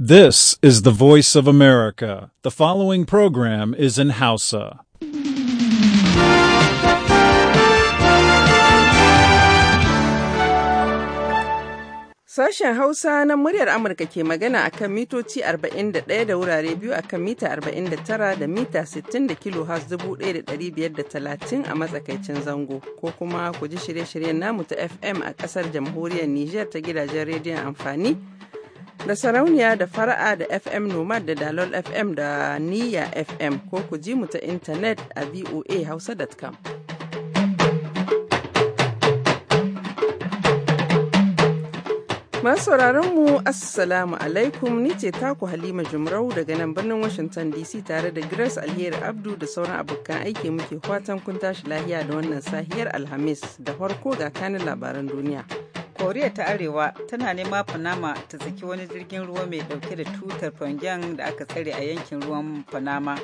This is the voice of America. The following program is in Hausa. Sashen Hausa na muryar Amurka ke magana a kan mitoci 41 da wurare biyu a kan mita 49 da mita 60 da kilo has 1530 a matsakaicin zango ko kuma ku ji shirye-shiryen namu ta FM a ƙasar jamhuriyar Nijar ta gidajen rediyon amfani da sarauniya da fara'a da fm nomad da dalol fm da niyya fm ko ku ji mu ta intanet a voa hausa.com Masu mu Assalamu alaikum ni ce taku Halima Jumrau daga nan birnin Washington DC tare da Grace Alheri Abdu da sauran abokan aiki muke fatan kun tashi lahiya da wannan sahiyar Alhamis da farko ga kanin labaran duniya. koriya ta arewa tana nema panama ta saki wani jirgin ruwa mai dauke da tutar pyongyang da aka tsare a yankin ruwan panama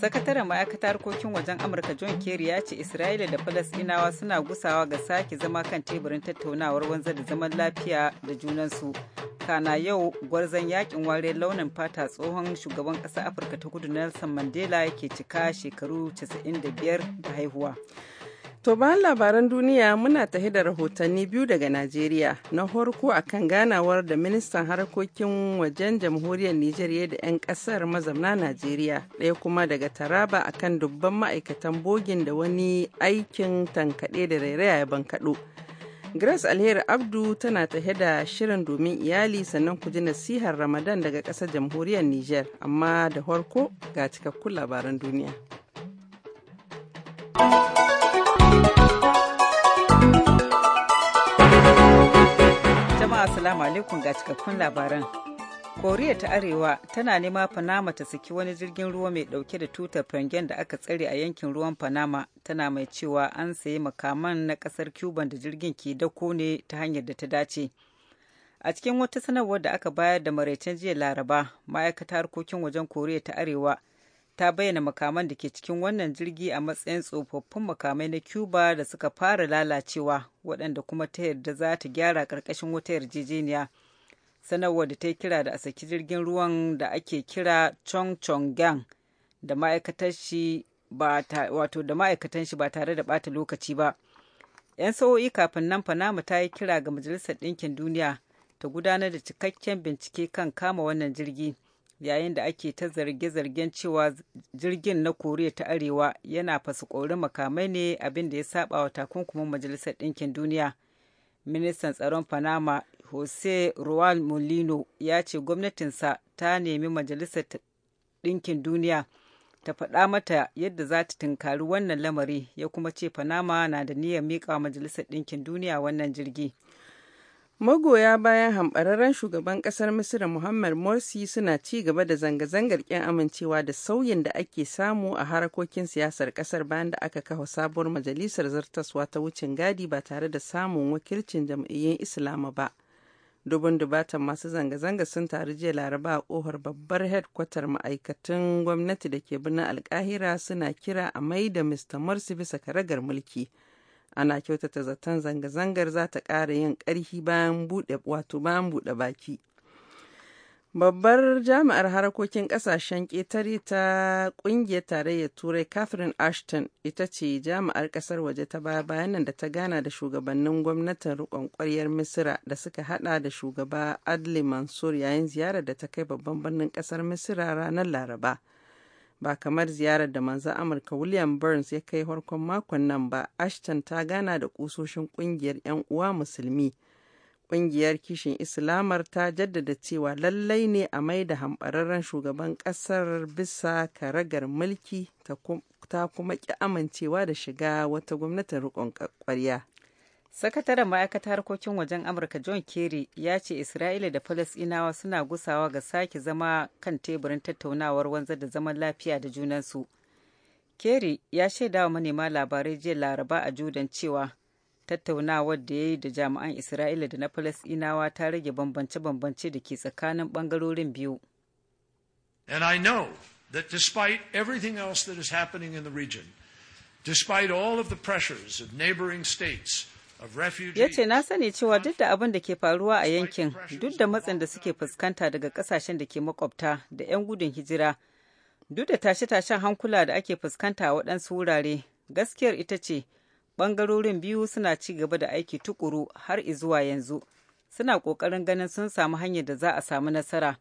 sakataren ma'aikata harkokin wajen amurka john kerry ya ce isra'ila da falasdinawa suna gusawa ga sake zama kan teburin tattaunawar wanzar da zaman lafiya da junansu kana yau gwarzon yakin ware launin fata tsohon shugaban ƙasa afirka ta kudu nelson mandela yake cika shekaru 95 da haihuwa To bayan labaran duniya muna tafi da rahotanni biyu daga Najeriya na horko akan ganawar da ministan harkokin wajen jamhuriyar Nijar da 'yan kasar mazamna Najeriya daya kuma daga Taraba akan dubban ma'aikatan bogin da wani aikin tankaɗe da rairaya ya bankaɗo. Grace Alheri Abdu tana tahe da shirin domin iyali sannan ku ji nasihar Ramadan daga ƙasar jamhuriyar Nijar amma da horko ga cikakkun labaran duniya. Assalamu alaikum ga cikakkun labaran. Koriya ta Arewa tana nema Panama ta saki wani jirgin ruwa mai dauke da tutar fangen da aka tsare a yankin ruwan Panama tana mai cewa an sayi makaman na kasar Cuban da jirgin ke dako ne ta hanyar da ta dace. A cikin wata sanarwar da aka bayar da maraicen jiya Laraba, ma'aikata harkokin wajen Koriya ta Arewa ta bayyana makaman da ke cikin wannan jirgi a matsayin tsofaffin makamai na cuba da suka fara lalacewa waɗanda kuma ta yarda za ta gyara ƙarƙashin wata yarjejeniya sanarwar da ta yi kira da a saki jirgin ruwan da ake kira chong chong gang da ma'aikatan shi ba tare da bata lokaci ba 'yan sa'o'i kafin nan panama ta yi kira ga majalisar ɗinkin duniya ta gudanar da cikakken bincike kan kama wannan jirgi yayin da ake ta zarge-zargen cewa jirgin na koriya ta arewa yana fasikorin makamai ne abin da ya saba wa takunkumin majalisar ɗinkin duniya ministan tsaron panama jose ruwan molino ya ce gwamnatinsa ta nemi majalisar ɗinkin duniya ta faɗa mata yadda za ta tunkari wannan lamari ya kuma ce panama na da niyyar miƙa majalisar ɗinkin duniya wannan jirgi Magoya bayan hambararren shugaban ƙasar Misira Muhammad Morsi suna ci gaba da zanga-zangar ƙin amincewa da sauyin da ake samu a harakokin siyasar ƙasar bayan da aka kafa sabuwar majalisar zartaswa ta wucin gadi ba tare da samun wakilcin jam'iyyun Islama ba. Dubun dubatan masu zanga-zanga sun taru jiya Laraba a ƙofar babbar hedkwatar ma'aikatan gwamnati da ke birnin Alkahira suna kira a maida Mr. Morsi bisa karagar mulki. ana kyautata zaton zanga-zangar za ta ƙara yin ƙarfi bayan buɗe wato bayan buɗe baki babbar jami'ar harkokin ƙasashen ƙetare ta ƙungiyar tarayyar turai catherine ashton ita ce jami'ar ƙasar waje ta baya bayanan da ta gana da shugabannin gwamnatin riƙon ƙwaryar misira da suka hada da shugaba adli mansur yayin ziyarar da ta kai babban birnin ƙasar misira ranar laraba ba kamar ziyarar da manzan amurka william burns ya kai farkon makon nan ba ashton ta gana da kusoshin kungiyar 'yan uwa musulmi kungiyar kishin islamar ta jaddada cewa lallai ne a mai da hambararren shugaban kasar bisa karagar mulki ta kuma ki amincewa da shiga wata gwamnatin riƙon ƙwarya sakataren ma'aikata harkokin wajen amurka john kerry ya ce isra'ila da falasinawa suna gusawa ga sake zama kan teburin tattaunawar wanzar da zaman lafiya da junansu kerry ya shaida wa manema labarai jiya laraba a judan cewa tattaunawar da ya yi da jami'an isra'ila da na falasinawa ta rage bambance-bambance da ke tsakanin bangarorin biyu and i know that despite everything else that is happening in the region despite all of the pressures of neighboring states ya ce na sani cewa duk da abin da ke faruwa a yankin duk da matsin da suke fuskanta daga kasashen da ke makwabta da 'yan gudun hijira duk da tashe-tashen hankula da ake fuskanta a waɗansu wurare gaskiyar ita ce ɓangarorin biyu suna ci gaba da aiki tukuru har izuwa yanzu suna ƙoƙarin ganin sun samu hanyar da za a samu nasara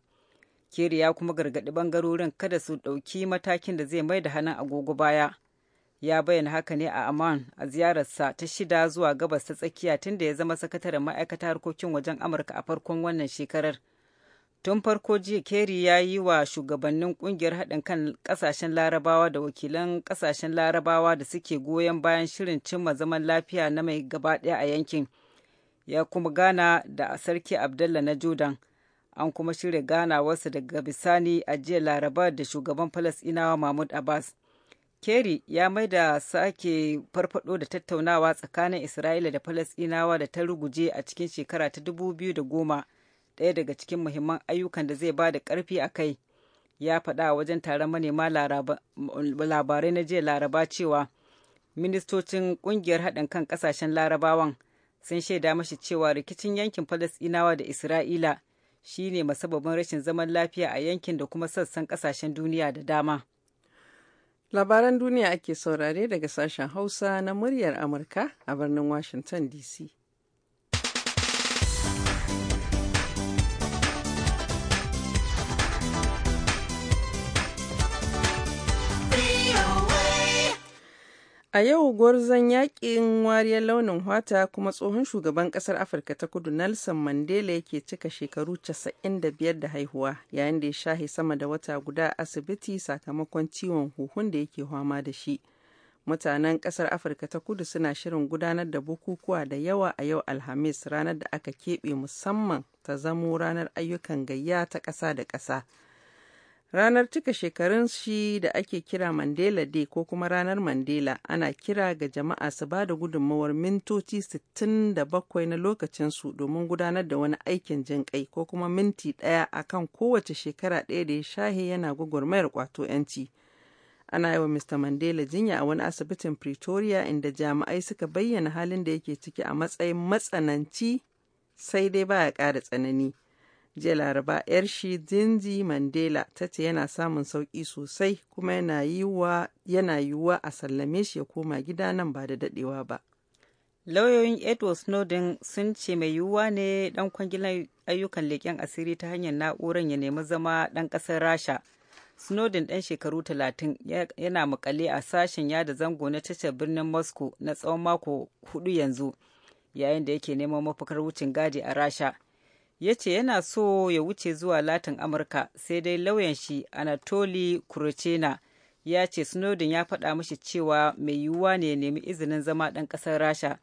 ya kuma gargaɗi ɓangarorin kada su ɗauki matakin da zai mai da hannun agogo baya ya bayyana haka ne a Amman a ziyararsa ta shida zuwa gabas ta tsakiya tun da ya zama sakataren ma'aikata harkokin wajen Amurka a farkon wannan shekarar. Tun farko jiya Kerry ya yi wa shugabannin kungiyar haɗin kan ƙasashen larabawa da wakilan ƙasashen larabawa da suke goyon bayan shirin cimma zaman lafiya na mai gaba ɗaya a yankin. Ya kuma gana da Sarki Abdullah na Jordan. An kuma shirya wasu daga bisani a jiya Laraba da shugaban Falasɗinawa Mahmud Abbas. Kerry ya mai da sake farfado da tattaunawa tsakanin Isra'ila da Falasɗinawa da ta ruguje a cikin shekara ta dubu biyu da goma ɗaya daga cikin muhimman ayyukan da zai ba da ƙarfi a kai. Ya faɗa wajen taron manema labarai na jiya Laraba cewa ministocin ƙungiyar haɗin kan ƙasashen Larabawan sun shaida mashi cewa rikicin yankin Falasɗinawa da Isra'ila shine masababin rashin zaman lafiya a yankin da kuma sassan ƙasashen duniya da dama. Labaran duniya ake saurare daga sashen Hausa na muryar Amurka a birnin Washington DC. A yau gwarzon yaƙin wariyar launin hwata kuma tsohon shugaban ƙasar Afirka ta kudu Nelson Mandela yake cika shekaru 95 da haihuwa yayin da ya shahe sama da wata guda asibiti sakamakon ciwon huhun da yake fama da shi. Mutanen ƙasar Afirka ta kudu suna shirin gudanar da bukukuwa da yawa a yau Alhamis ranar da aka keɓe musamman ta zamo ranar ayyukan gayya ta ƙasa da ƙasa. Ranar cika shekarun shi da ake kira Mandela Day ko kuma ranar Mandela ana kira ga jama'a su ba da gudunmawar mintoci 67 na lokacinsu domin gudanar da wani aikin jin kai ko kuma minti ɗaya kan kowace shekara ɗaya da ya shahe yana gwagwarmayar kwato 'yanci. Ana yi wa Mr. Mandela jinya a wani asibitin Pretoria inda jami'ai suka bayyana halin da yake ciki a matsayin matsananci sai dai baya ƙara tsanani. jiya laraba yar shi zinzi mandela ta ce yana samun sauki sosai kuma yana yiwuwa a sallame shi ya koma gida nan ba da dadewa ba lauyoyin edward snowden sun ce mai yiwuwa ne dan kwangilan ayyukan leƙen asiri ta hanyar na'urar ya nemi zama dan ƙasar rasha snowden dan shekaru 30 yana makale a sashen yada zango na tashar birnin moscow na tsawon mako hudu yanzu yayin da yake neman mafakar wucin gadi a rasha ya ce yana so ya wuce zuwa latin amurka sai dai lauyan shi anatoli kurochena ya ce snowden ya faɗa mashi cewa mai yiwuwa ne ya nemi izinin zama ɗan ƙasar rasha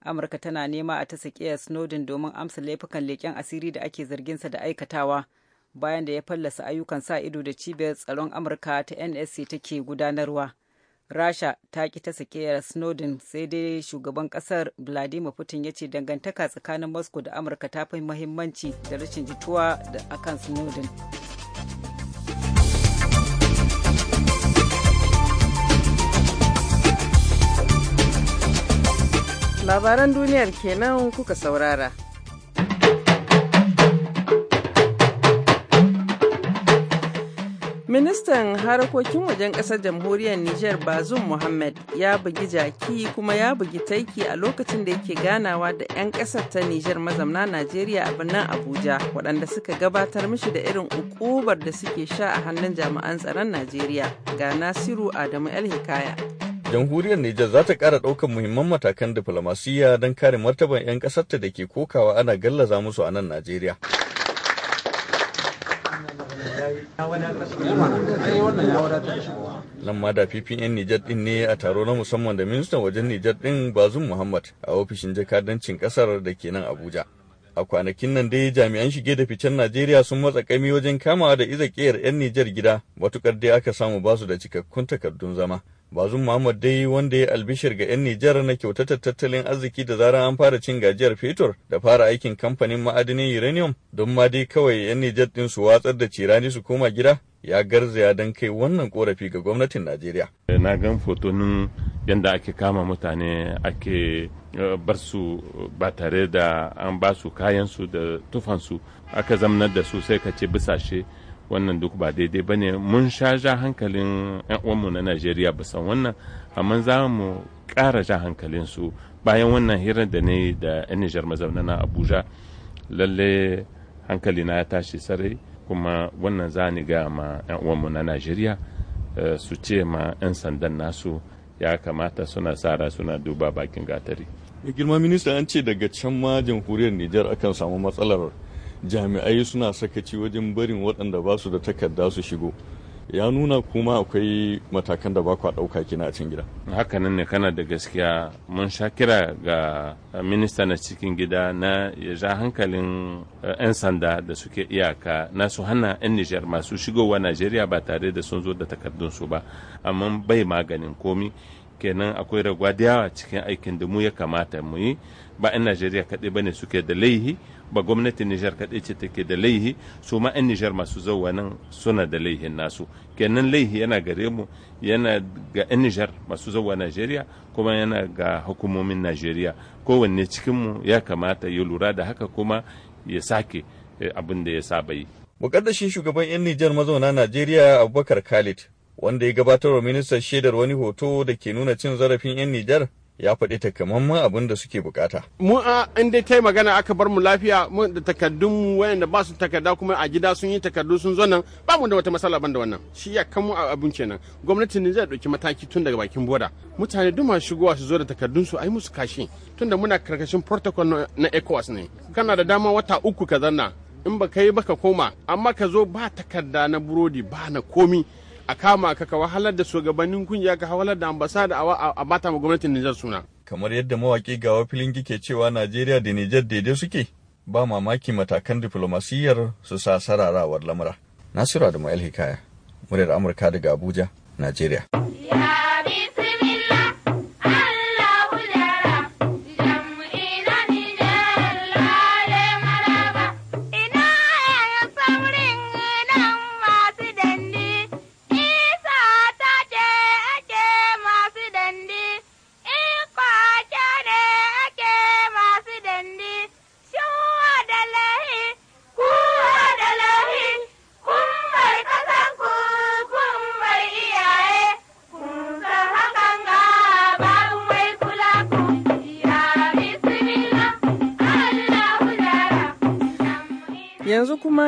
amurka tana nema a ta sakiyar snowden domin amsa laifukan leƙen asiri da ake zarginsa da aikatawa bayan da ya fallasa ayyukan sa ido da cibiyar tsaron amurka ta nsa take gudanarwa rasha ta ki ta sakiyar snowden sai dai shugaban kasar vladimir putin ya ce dangantaka tsakanin moscow da amurka ta fi muhimmanci da rashin jituwa da akan snowden labaran duniyar kenan kuka saurara Ministan harkokin wajen ƙasar jamhuriyar Nijar Bazum Mohammed ya bugi jaki kuma ya bugi taiki a lokacin da yake ganawa da 'yan ƙasar ta Nijar mazamna Najeriya a birnin Abuja waɗanda suka gabatar mishi da irin ukubar da suke sha a hannun jami'an tsaron Najeriya ga Nasiru Adamu El Hikaya. Jamhuriyar Nijar za ta ƙara ɗaukar muhimman matakan diflomasiyya don kare martaban 'yan ƙasarta da ke kokawa ana gallaza musu a nan Najeriya. nan ma da ppn nijar din ne a taro na musamman da ministan wajen nijar din bazum muhammad a ofishin jakadancin kasar da ke nan abuja a kwanakin nan dai jami'an shige da ficen najeriya sun matsa kami wajen kamawa da iza 'yan nijar gida matukar dai aka samu basu da cikakkun takardun zama Bazum Muhammad dai wanda ya albishir ga 'yan Nijar na kyautata tattalin arziki da zarar an fara cin gajiyar fetur da fara aikin kamfanin ma'adinin uranium don ma dai kawai 'yan Nijar din su watsar da cirani su koma gida ya garzaya don kai wannan korafi ga gwamnatin Najeriya. Na gan fotonin yadda ake kama mutane ake eh, bar su ba tare da an ba su kayansu da tufansu aka zamanar da su sai ka ce bisashe wannan duk ba daidai ba ne mun sha ja hankalin 'yan uwanmu na najeriya san wannan amma za mu kara ja hankalin su bayan wannan hirar da ne da 'yan nijar mazauna na abuja lalle hankali na ya tashi sarai kuma wannan za ni ga ma 'yan uwanmu na najeriya eh, su ce ma 'yan sandan nasu ya kamata suna sara suna duba bakin gatari girma minista an ce daga can ma jamhuriyar nijar akan samu matsalar jami'ai suna sakaci wajen barin waɗanda ba su da takarda su shigo ya nuna kuma akwai matakan da ba kwa ɗauka kina a cikin gida. hakanan ne kana da gaskiya mun sha kira ga minista na cikin gida na ya ja hankalin eh, 'yan sanda da suke iyaka na su hana 'yan nijar masu shigowa najeriya ba tare da sun zo da takardun su ba amma bai maganin komi kenan akwai ragwadiyawa cikin aikin da mu ya kamata mu yi ba 'yan najeriya kaɗai ba ne suke da laihi ba gwamnatin nijar kaɗai ce take da laihi su ma 'yan nijar masu zauwa nan suna da laihin nasu kenan laihi yana gare mu yana ga 'yan nijar masu zauwa najeriya kuma yana ga hukumomin najeriya kowanne cikinmu ya kamata ya lura da haka kuma ya sake eh, abin da ya saba yi mukaddashin shugaban 'yan nijar mazauna najeriya abubakar khalid wanda ya gabatar wa ministan shaidar wani hoto da ke nuna cin zarafin 'yan nijar ya faɗi takamaiman abin da suke bukata. mun a in dai ta magana aka bar mu lafiya mu da takardun mu wayanda ba su takarda kuma a gida sun yi takardu sun zo nan ba mu da wata matsala ban da wannan shi ya kan mu a abin kenan gwamnatin ne zai ɗauki mataki tun daga bakin boda mutane duma shigowa su zo da takardun su ai musu kashi tun da muna karkashin protocol na ECOWAS ne kana da dama wata uku ka zanna in ba ka yi ba ka koma amma ka zo ba takarda na burodi ba na komi a kama ka ka wahalar da shugabannin kungiya ka wahalar da ambasada a bata ma gwamnatin Nijar suna. Kamar yadda mawaƙi gawa filin gike cewa Najeriya da Nijar daidai suke ba mamaki matakan diflomasiyyar su sa sararawar lamura. Nasiru Adamu El Hikaya, muryar Amurka daga Abuja, Najeriya.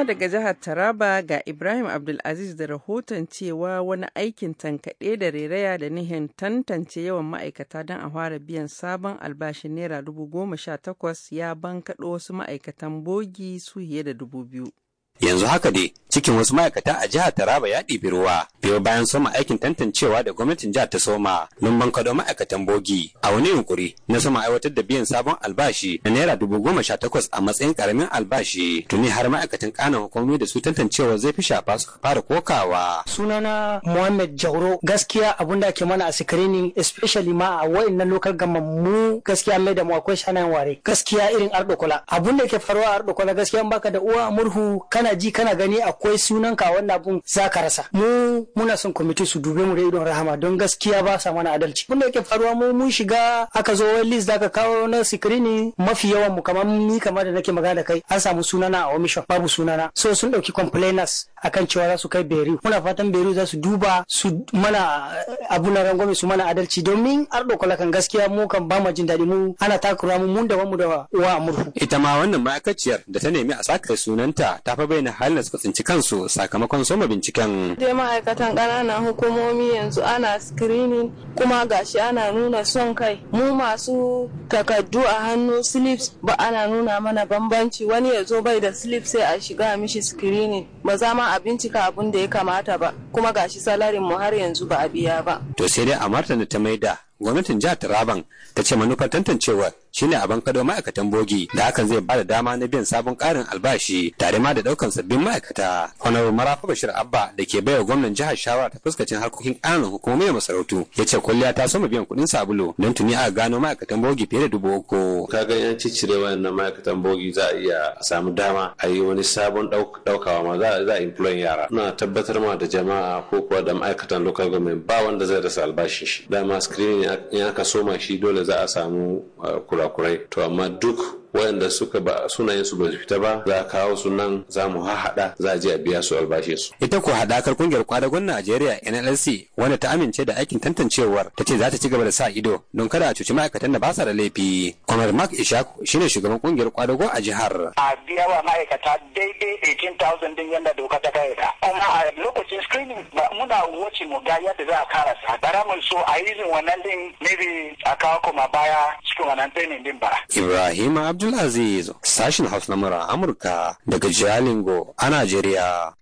daga jihar Taraba ga Ibrahim Abdulaziz da rahoton cewa wani aikin tankaɗe da reraya da nihin tantance yawan ma'aikata don a fara biyan sabon albashin Naira dubu goma sha takwas ya bankaɗo wasu ma'aikatan bogi su fiye da dubu biyu. yanzu haka dai cikin wasu ma'aikata a jihar taraba ya ɗibi ruwa biyo bayan sama aikin tantancewa da gwamnatin jihar ta soma mun bankaɗo ma'aikatan bogi a wani yunkuri na sama aiwatar da biyan sabon albashi na naira dubu goma sha takwas a matsayin karamin albashi tuni har ma'aikatan kanan hukumomi da su tantancewa zai fi shafa su fara kokawa. sunana muhammed jauro gaskiya abun da ke mana a sikirini especially ma a wa'innan lokal gama mu gaskiya mai da mu akwai shanayen ware gaskiya irin kula abun da ke faruwa a kula gaskiya baka da uwa murhu kana kana ji kana gani akwai sunan ka wannan abun ka rasa mu muna son kwamiti su dube mu da idon rahama don gaskiya ba sa mana adalci kun da yake faruwa mu mun shiga aka zo wani list zaka kawo na sikirini mafi yawan mu kamar ni kamar da nake magana da kai an samu sunana a omission babu sunana so sun dauki complainers akan cewa za su kai beru muna fatan beru za su duba su mana eh, abu na rangwame su mana adalci domin ardo kan gaskiya mu kan ba mu jin daɗi mu ana takura mu mun da mu da wa murhu ita ma wannan ma'aikaciyar da ta nemi a saka sunanta ta fa bayyana halin da suka tsinci kansu sakamakon soma binciken dai ma'aikatan ƙananan hukumomi yanzu ana screening kuma gashi ana nuna son kai mu masu takardu a hannu slips ba ana nuna mana bambanci wani ya zo bai da slip sai a shiga mishi screening ba za ma a bincika abun da ya kamata ba kuma gashi salarin mu har yanzu ba a biya ba to sai dai a martani ta maida gwamnatin jihar Taraban ta ce manufar tantancewar shine a bankado ma'aikatan bogi da hakan zai bada dama na biyan sabon karin albashi tare ma da daukan sabbin ma'aikata. Honorable Marafa Bashir Abba da ke baiwa gwamnan jihar shawara ta fuskacin harkokin ƙananan hukumomi da masarautu ya ce kwalliya ta soma biyan kuɗin sabulu don tuni a gano ma'aikatan bogi fiye da dubu uku. Ka ga yan ciccire wannan ma'aikatan bogi za a iya samu dama a yi wani sabon daukawa ma za a employ yara. Muna tabbatar ma da jama'a ko kuwa da ma'aikatan local government ba wanda zai rasa albashin shi. Dama screening in aka soma shi dole za a samu uh, kurakurai to amma duk wayanda suka ba sunayen su bai fita ba za kawo su nan za mu haɗa za a je a biya su albashi su ita ko hadakar kungiyar kwadagon Najeriya NLC wanda ta amince da aikin tantancewar ta ce za ta ci gaba da sa ido don kada a cuci ma'aikatan da ba sa da laifi Kwamar Mark Ishaku shine shugaban kungiyar kwadago a jihar a biya wa ma'aikata daidai 18,000 din yanda doka ta kai kuma a lokacin screening muna wuce mu ga yadda za a kara sa bara mu so a yi wannan din maybe a kawo kuma baya cikin wannan training din ba Ibrahim Abdulaziz, sashin Hausa na Amurka daga Jalingo a Najeriya.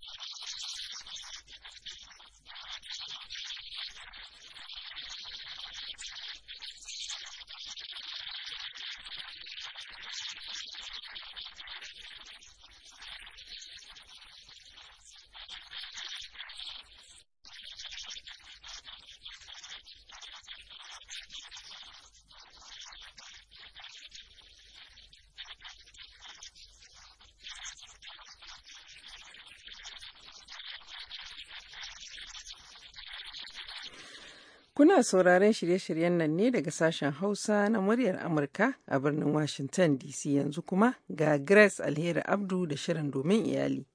Kuna sauraron shirye-shiryen nan ne daga sashen Hausa na muryar Amurka a birnin Washington DC yanzu kuma ga Grace Alheri Abdu da shirin domin iyali.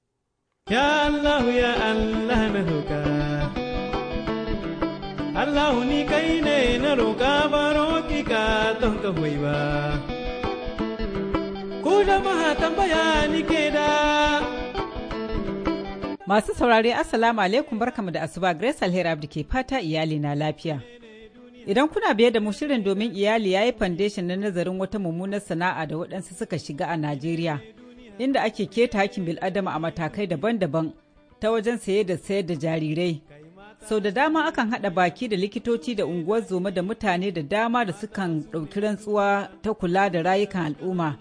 Ya Allah ya Allah na roƙa. Allah ni kai ne na roƙa ba roƙi ka don ka hoi ba. Ku jama'a tambaya ni ke da. Masu saurare Assalamu alaikum barkamu da asuba Grace Alheri Abdi ke fata iyali na lafiya. Idan kuna biye da mu shirin domin iyali ya yi foundation na nazarin wata mummunar sana'a da waɗansu suka shiga a Najeriya, inda ake keta hakin bil'adama a matakai daban-daban ta wajen saye da sayar da jarirai. Sau da dama akan haɗa baki da likitoci da unguwar zoma da mutane da dama da sukan ɗauki rantsuwa ta kula da rayukan al'umma.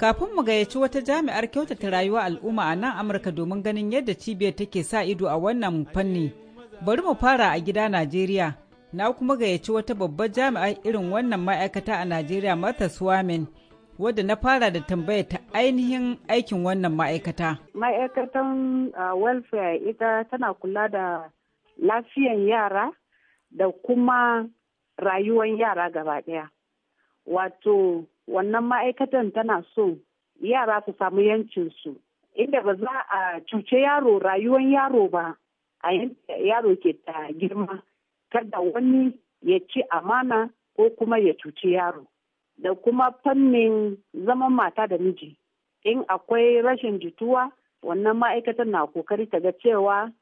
kafin mu gayyaci wata jami'ar kyautata rayuwa al'umma a nan amurka domin ganin yadda cibiyar take sa ido a wannan fanni bari mu fara a gida najeriya na kuma gayyaci wata babbar jami'ar irin wannan ma'aikata a najeriya martha swamin wadda na fara da tambaya ta ainihin aikin wannan ma'aikata ma'aikatan welfare ita tana kula da lafiyan yara da kuma rayuwan yara gaba ɗaya wato wannan ma'aikatan tana so yara su samu yancinsu inda ba za a cuce yaro rayuwar yaro ba a yaro ke ta girma kada wani ya ci amana ko kuma ya cuci yaro da kuma fannin zaman mata da miji in akwai rashin jituwa wannan ma'aikatan na kokari ta ga cewa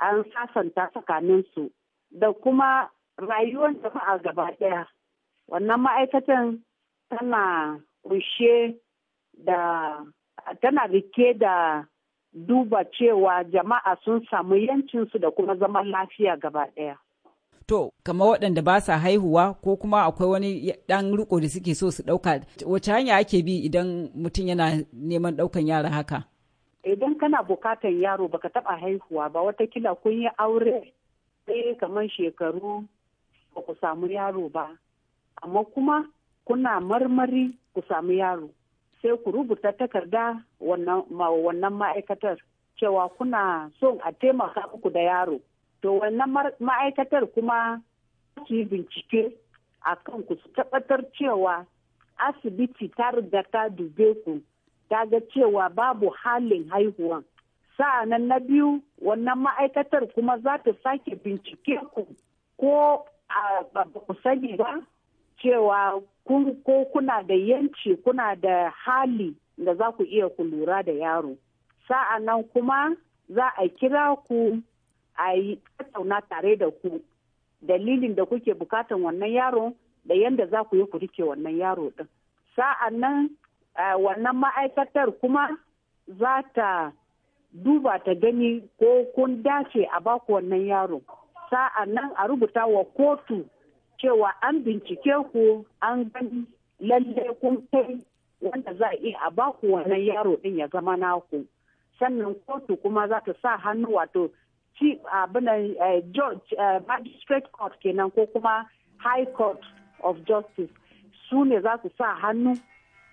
an sasanta tsakaninsu da kuma rayuwar jama'a gaba ɗaya wannan ma'aikatan tana kunshe da tana rike da duba cewa jama'a sun samu yancinsu da kuma zaman lafiya gaba ɗaya. To, kama waɗanda ba sa haihuwa ko kuma akwai wani ɗan riko da suke so su ɗauka, wace hanya ake bi idan mutum yana neman ɗaukan yara haka? Idan kana bukatan yaro baka taɓa haihuwa ba watakila kun yi aure sai kamar shekaru ba ku samu yaro ba, amma kuma kuna marmari ku samu yaro sai ku rubuta takarda wannan ma'aikatar cewa kuna son a taimaka uku da yaro to wannan ma'aikatar kuma ki bincike a kan ku su tabbatar cewa asibiti ta riga ta dube ku ta ga cewa babu halin haihuwa. sa'anan na biyu wannan ma'aikatar kuma za ta sake bincike ku ko ba ku sani ba cewa ko kuna da yanci kuna da hali da za ku iya ku lura da yaro nan kuma za a kira ku a yi tattauna tare da ku dalilin da kuke bukatan wannan yaro da yadda za ku yi ku rike wannan yaro din sa'annan wannan ma'aikatar kuma za ta duba ta gani ko kun dace a baku wannan yaro sa'annan a rubuta wa kotu cewa an bincike ku an gani lalle kun kai wanda za a iya a baku wannan yaro din ya zama naku sannan kotu kuma za ta sa hannu wato abinan eh, eh, magistrate court kenan ko kuma high court of justice su ne za su sa hannu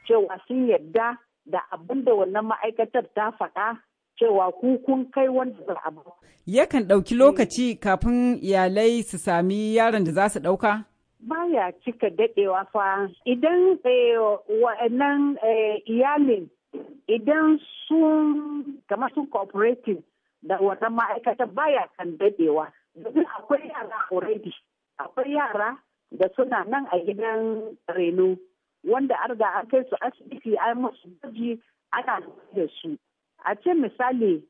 cewa sun yadda da abin da wannan ma'aikatar ta faɗa cewa ku kun kai wanda za a ba. Yakan ɗauki eh. lokaci kafin iyalai su sami yaron da za su ɗauka? Baya cika daɗewa fa idan eh, wa'annan eh, iyalin idan sun kamar sun cooperative da wannan ma'aikata baya kan daɗewa domin akwai yara already akwai yara da suna nan a gidan reno wanda an riga an kai su asibiti an masu gaji ana da su a ce misali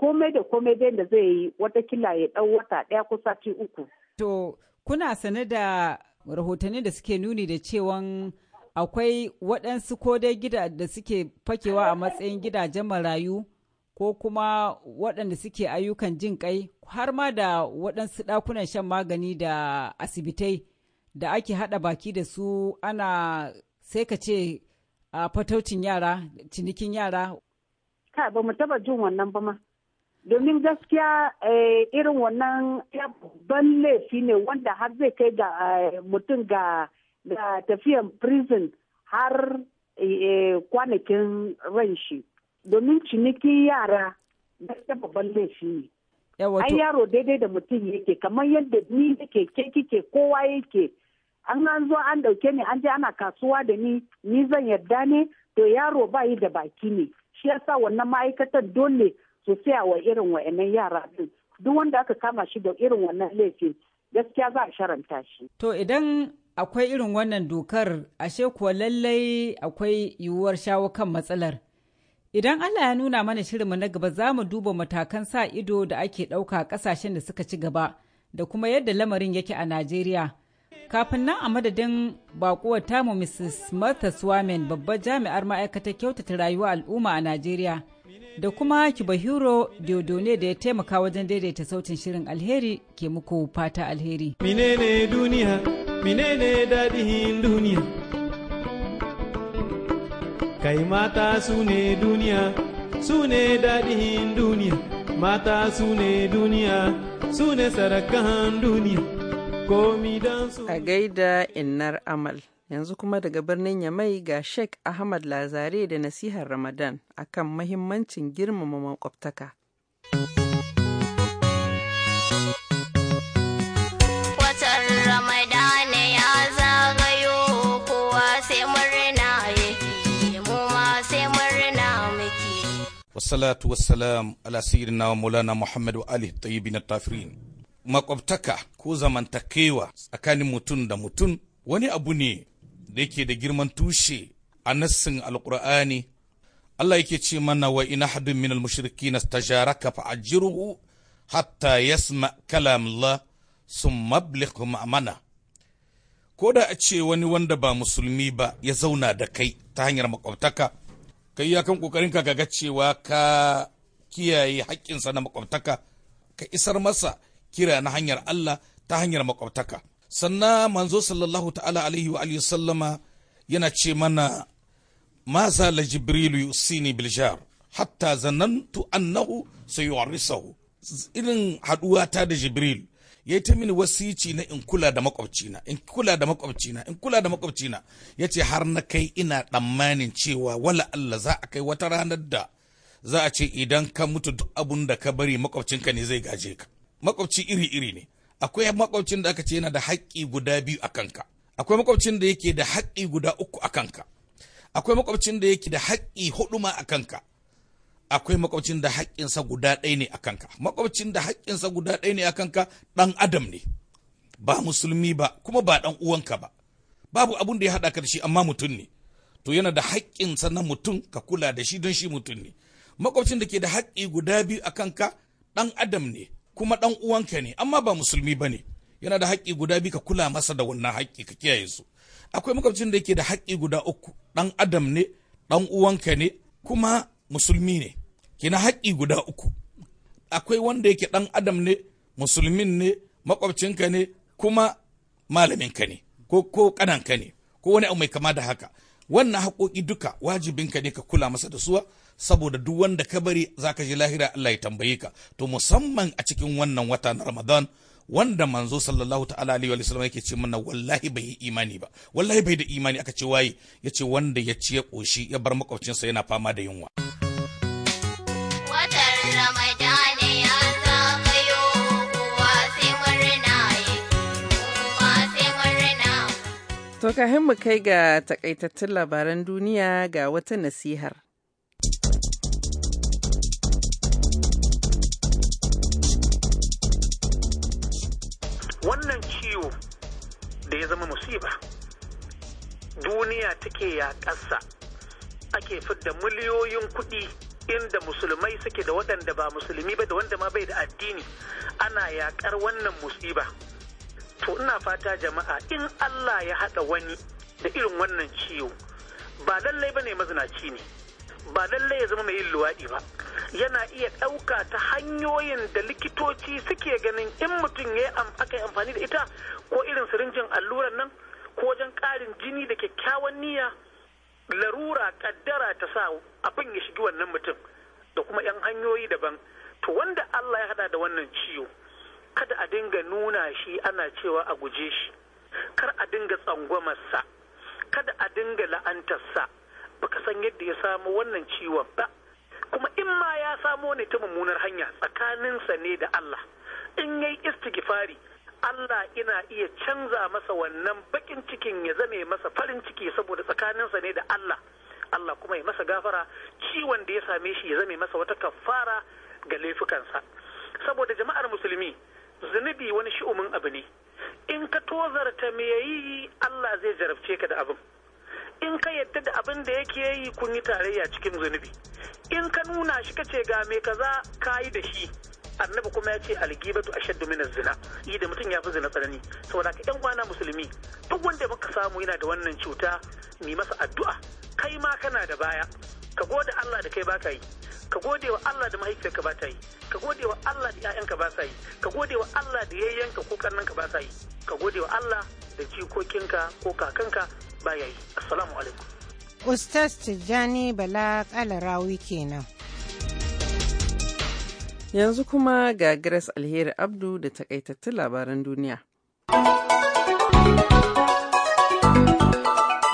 komai da komai da zai yi watakila ya ɗau wata ɗaya ko sati uku. To kuna sane da rahotanni da suke nuni da cewan akwai waɗansu ko dai gida da suke fakewa a matsayin gidajen marayu ko kuma waɗanda suke ayyukan jin kai har ma da waɗansu ɗakunan shan magani da asibitai da ake haɗa baki da su ana sai ka ce a fataucin yara cinikin yara ta ba mu taba jin wannan ba ma domin gaskiya eh, irin wannan ya ban laifi ne wanda har zai kai ga eh, mutum ga tafiyan prison har eh, kwanakin ran shi domin ciniki yara gaskiya babban laifi ne an yaro daidai da mutum yake kamar yadda ni yake ke kike kowa yake an an zo an dauke ni an je ana kasuwa da ni ni zan yarda ne to yaro bayi da baki ne shi yasa wannan ma'aikatar dole su saya wa irin wa'annan yara din duk wanda aka kama shi da irin wannan laifin gaskiya za a sharanta shi to idan akwai irin wannan dokar ashe kuwa lallai akwai yiwuwar shawo kan matsalar Idan Allah ya nuna mana shirinmu na gaba za mu duba matakan sa ido da ake ɗauka ƙasashen da suka ci gaba da kuma yadda lamarin yake a Najeriya. Kafin nan a madadin bakuwar tamu Mrs. Martha Swamin babbar jami'ar ma'aikatar kyautata rayuwa al'umma a Najeriya da kuma Kibahiro Diodone da ya taimaka wajen daidaita sautin shirin alheri ke muku fata alheri. Minene duniya, minene dadihin duniya. Kai mata su ne duniya, su ne dadihin duniya. Mata su ne duniya, su ne sarakan duniya. A gaida innar amal. Yanzu kuma daga birnin Yamai ga Sheikh Ahmad Lazare da nasihar Ramadan akan mahimmancin girmama makwabtaka. Watan Ramadan ya zagayo kowa sai sai muke. wassalam ala sayyidina wa maulana Muhammad ali tayyibin tafirin. makwabtaka ko zamantakewa tsakanin mutum da mutum wani abu ne da yake da girman tushe a nassin alkur'ani Allah yake ce mana wa ina hadin min mushriki na stajaraka fa ajiruhu hatta yasma Allah sun kuma ma'amana ko da a ce wani wanda ba musulmi ba ya zauna da kai ta hanyar makwabtaka kai ya kan kokarin ka ga cewa ka kiyaye haƙƙinsa na makwabtaka ka isar masa kira na hanyar Allah ta hanyar makwabtaka sannan manzo sallallahu ta'ala alaihi wa alihi sallama yana ce mana ma zala jibrilu yusini bil jar hatta zanantu annahu sayuwarrisahu irin haduwa ta da jibril yayi ta mini wasici na in kula da makwabcina in kula da makwabcina in kula da makwabcina yace har na kai ina tsammanin cewa wala Allah za a kai wata ranar da za a ce idan ka mutu duk abun da ka bari makwabcinka ne zai gaje ka makwabci iri-iri ne akwai makwabcin da aka ce yana da haƙƙi guda biyu a kanka akwai makwabcin da yake da haƙƙi guda uku a kanka akwai makwabcin da yake da haƙƙi hudu ma a kanka akwai makwabcin da haƙƙinsa guda ɗaya ne a kanka makwabcin da haƙƙinsa guda ɗaya ne a kanka ɗan adam ne ba musulmi ba kuma ba ɗan uwanka ba babu abun da ya haɗa ka da shi amma mutum ne to yana da haƙƙinsa na mutum ka kula da shi don shi mutum ne makwabcin da ke da haƙƙi guda biyu a kanka ɗan adam ne kuma ɗan uwanka ne amma ba musulmi ba ne yana da haƙƙi guda biyu ka kula masa da wannan haƙƙi ka kiyaye su akwai makwabcin da yake da haƙƙi guda uku ɗan adam ne ɗan uwanka ne kuma musulmi ne kina haƙƙi guda uku akwai wanda yake ɗan adam ne musulmin ne makwabcinka ne kuma malaminka ne ko ko kananka ne ko wani abu mai kama da haka wannan haƙoƙi duka wajibinka ne ka kula masa da suwa saboda duk wanda ka bari za ka ji lahira Allah ya tambaye ka to musamman a cikin wannan wata na Ramadan wanda manzo sallallahu ta'ala alaihi wa sallam yake ce mana wallahi bai yi imani ba wallahi bai da imani aka ce waye yace wanda ya ci ya koshi ya bar makwabcinsa yana fama da yunwa watan to kahin mu kai ga takaitattun labaran duniya ga wata nasihar da ya zama musiba duniya take ya ƙasa ake fidda miliyoyin kuɗi inda musulmai suke da waɗanda ba musulmi ba da wanda ma bai da addini ana yaƙar wannan musiba to ina fata jama'a in Allah ya haɗa wani da irin wannan ciwo ba lallai ba ne mazinaci ne ba lallai ya zama mai yin luwaɗi ba yana iya ɗauka ta hanyoyin da likitoci suke ganin in mutum ya aka yi amfani da ita ko irin sirinjin alluran nan ko wajen ƙarin jini da kyakkyawan niyya larura ƙaddara ta sa abin ya shigi wannan mutum da kuma 'yan hanyoyi daban to wanda Allah ya haɗa da wannan ciwo kada a dinga nuna shi ana cewa a guje shi kar a dinga tsangwamarsa kada a dinga la'antarsa baka san yadda ya samu wannan ciwon ba kuma in ma ya samo ne ta mummunar hanya tsakaninsa ne da Allah in yayi istighfari Allah ina iya canza masa wannan bakin cikin ya zame masa farin ciki saboda tsakaninsa ne da Allah Allah kuma ya masa gafara ciwon da ya same shi ya zame masa wata kafara ga laifukansa saboda jama'ar musulmi zunubi wani shi'umin abu ne in ka tozarta me yayi Allah zai jarabce ka da abin in ka yadda da abin da yake yi kun yi tarayya cikin zunubi in ka nuna shi ka ce ga me kaza ka yi da shi annabi kuma ya ce algibatu ashaddu min zina yi da mutum ya fi zina tsanani saboda ka yan kwana musulmi duk wanda muka samu yana da wannan cuta mi masa addu'a kai ma kana da baya ka gode Allah da kai baka yi ka gode wa Allah da mahaifiyarka ba ta yi ka gode wa Allah da ƴaƴanka ba sa yi ka gode wa Allah da yayyanka ko kannanka ba sa yi ka gode wa Allah da jikokinka ko kakanka ustaz tijjani bala kalarawi kenan yanzu kuma ga grace alheri abdu da takaitattun labaran duniya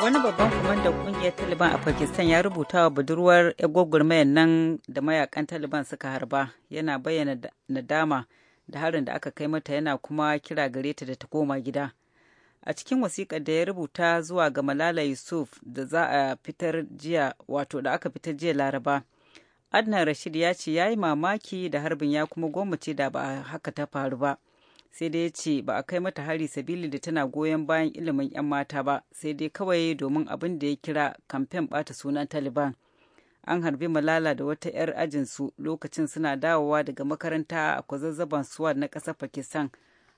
wani babban kwamandan kungiyar taliban a pakistan ya rubuta wa budurwar gwagwarmayar nan da mayakan taliban suka harba yana bayyana nadama da harin da aka kai mata yana kuma kira gare ta da ta koma gida a cikin wasiƙar da ya rubuta zuwa ga malala yusuf da za a fitar jiya wato da aka fitar jiya laraba adnan rashid ya ce ya yi mamaki da harbin ya kuma gwamnati da ba haka ta faru ba sai dai ya ce ba a kai mata hari sabili da tana goyon bayan ilimin 'yan mata ba sai dai kawai domin abin da ya kira kamfen bata sunan taliban an harbi malala da wata 'yar ajinsu lokacin suna dawowa daga makaranta a kwazazzaban Suwa na ƙasar pakistan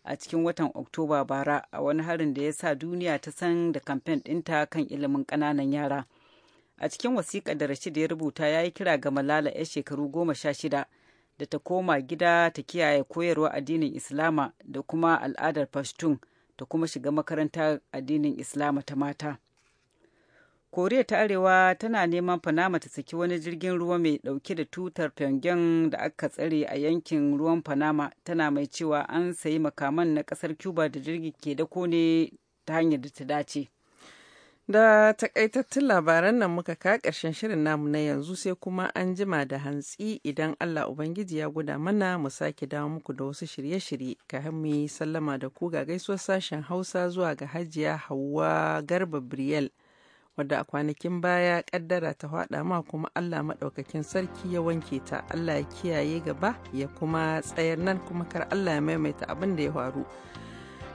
a cikin watan oktoba bara a wani harin da ya sa duniya ta san da kamfen ɗinta kan ilimin ƙananan yara a cikin wasiƙa da rashid ya rubuta ya yi kira ga malala 'yar shekaru goma sha shida da ta koma gida ta kiyaye koyarwa addinin islama da kuma al'adar pashtun ta kuma shiga makarantar addinin islama ta mata koriya ta arewa tana neman panama ta saki wani jirgin ruwa mai dauke da tutar pyongyang da aka tsare a yankin ruwan panama tana mai cewa an sayi makaman na kasar cuba da jirgi ke da ne ta hanyar da ta dace da takaitattun labaran nan muka ka karshen shirin namu na yanzu sai kuma an jima da hantsi idan allah ubangiji ya guda mana mu sake dawo muku da wasu shirye-shirye ka hammi sallama da ku ga gaisuwar sashen hausa zuwa ga hajiya hauwa garba briel wadda a kwanakin baya kaddara ta haɗa ma kuma Allah maɗaukakin sarki ya wanke ta Allah ya kiyaye gaba ya kuma tsayar nan kuma kar Allah ya maimaita abin da ya faru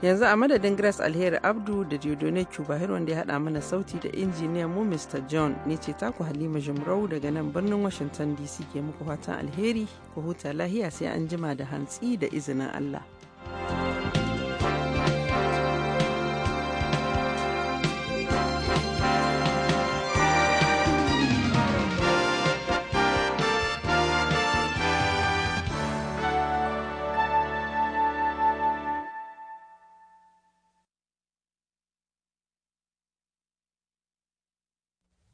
yanzu a madadin grace alheri abdu da Jodone cubahir wanda ya hada mana sauti da injiniya mu mr john ne ce taku halima jumrau daga nan birnin washington dc ke muku fatan alheri ku huta lahiya sai an jima da hantsi da izinin allah